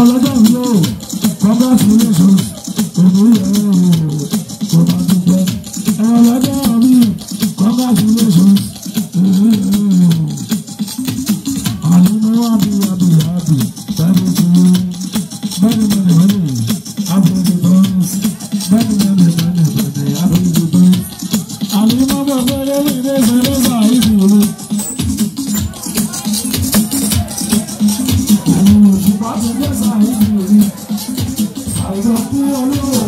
ọmọ lọ́dọ̀ mi o congratulations òní ìyàwó mi o ọmọ dúpẹ́ ọmọ lọ́dọ̀ mi congratulations òní ìyàwó mi o àní mo wá bí wá bí happy bẹ́ẹ̀ ni mo ní bẹ́ẹ̀ ni mo ní.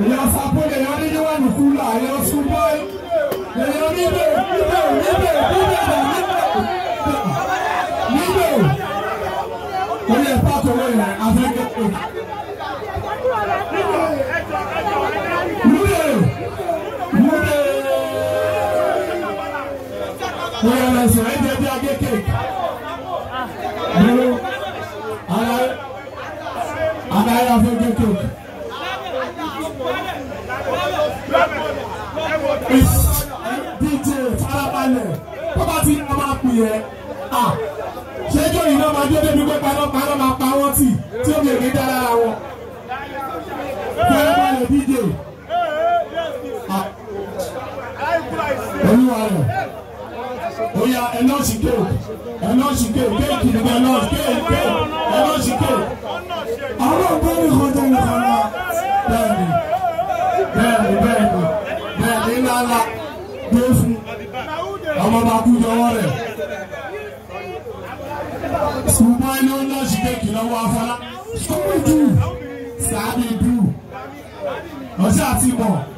ya sapole ya ni wa nukula ya suba ya ya ni be ni be ni be ni be ni be o le pa to wo ya afeke o Mude, mude. Oya la sọ ẹ jẹ dj farabalẹ̀ tó bá ti ọmọ àpò yẹ ṣéjọ́ yìí náà máa dé débi pé panápaná máa pa wọ́n tì tí ó lè dj olúwa rẹ̀ ó yá ẹ̀ náà sì kéwò ẹ̀ náà sì kéwò kéèkì náà kéèkì kéèkì. ọmọ bá kú jọwọ́ rẹ̀ sùpá iná ńlá ṣìkẹ́kì lọ́wọ́ afọlá sọ́kùn dù sáà ní dù ọ̀sẹ̀